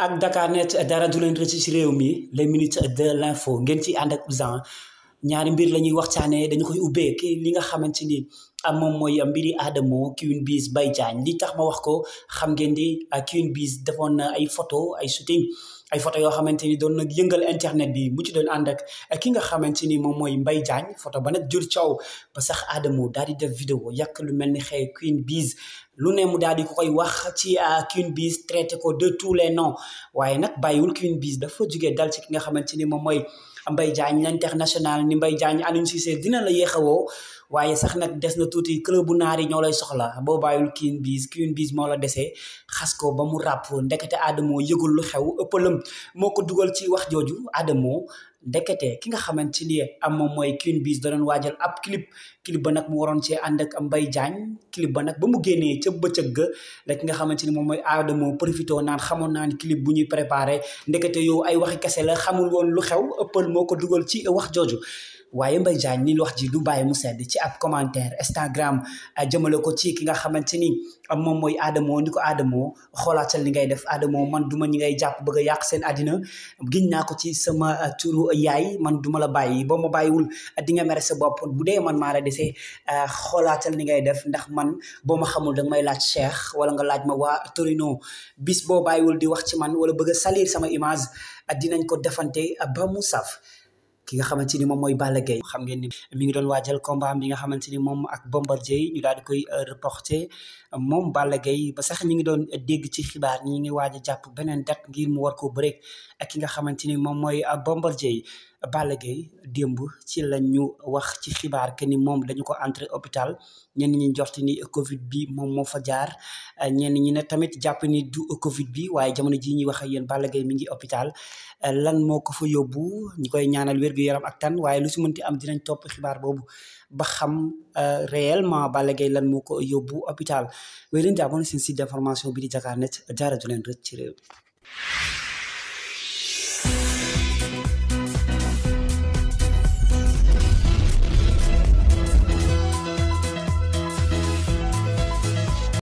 ak Dakarnet dara du leen rëcc ci réew mi les minutes de l'info ngeen ci ànd ak Ouzin ñaari mbir la ñuy waxtaanee dañu koy ubbee ki li nga xamante ni am moom mooy mbiri Adamo Queen Biz bay Diagne li tax ma wax ko xam ngeen di Queen Biz defoon na ay photo ay shooting ay photo yoo xamante ni doon nag yëngal internet bi mu ci doon ànd ak ki nga xamante ni moom mooy Mbaye Diagne photo ba nag jur coow ba sax Adamo daal di def vidéo yàq lu mel ni xëy Queen Biz lu ne mu daal di koy wax ci ah, Queen Biz traité ko de tous les noms waaye nag bàyyiwul Queen Biz dafa jugee dal ci ki nga xamante ni moom mooy mbay Mbaye Diagne l'international ni Mbaye Diagne Aliou Cissé dina la yéexawoo waaye sax nag des na tuuti club bu naar yi ñoo lay soxla boo bàyyul kiin biis kiin biis moo la desee xas ko ba mu ràpp ndekete Adamo yëgul lu xew ëppalam moo ko dugal ci wax jooju Adamo ndekete ki nga xamante ni am moom mooy kiin biis da doon waajal ab clip clip ba nag mu waroon cee ànd ak Mbaye Diagne clip ba nag ba mu génnee ca bëccëg ga la ki nga xamante ni moom mooy Adamo profité naan xamoon naa ni clip bu ñuy préparé ndekete yow ay waxi kese la xamul woon lu xew ëppal moo ko dugal ci wax jooju waaye Mbaye Diagne ni wax ji du bàyyi mu sedd ci ab commentaire Instagram eh, jamalo ko ci ki nga xamante ni eh, moom mooy Adamo ni ko Adamo xoolaatal li ngay def Adamo man duma ñi ngay jàpp bëgg yàq seen àddina giñ naa ko ci sama eh, turu yaay man duma bàyyi boo ma bàyyiwul di nga sa bopp bu dee man maa la desee xoolaatal li ngay def ndax man boo ma xamul danga may laaj Cheikh wala nga laaj ma waa Torino bis boo bàyyiwul di wax ci man wala bëgg a sama image dinañ ko defante ba mu saf ki nga xamante ni moom mooy Balla Gaye xam ngeen ni mi ngi doon waajal combat bi nga xamante moom ak Bombardier ñu daal di koy euh, reporter moom Balla Gaye ba sax ñu ngi doon dégg ci xibaar ñi ngi waaj a jàpp beneen date ngir mu war koo ak ki nga xamante ni moom mooy euh, Bombardier Balla Gaye démb ci la ñu wax ci xibaar que ni moom dañu ko entré hôpital ñenn ñi jort ni Covid bi moom moo fa jaar ñenn ñi ne tamit jàpp ni du Covid bi waaye jamono jii ñuy wax ak yéen Balla Gaye mi ngi hôpital lan moo ko fa yóbbu ñu koy ñaanal wér wér-gu-yaram ak tan waaye lu si mënti am dinañ topp xibaar boobu ba xam euh, réellement Balla Gaye lan moo ko yóbbu hôpital wéy leen di abonné seen d'information bi di Dakar Net jaara du leen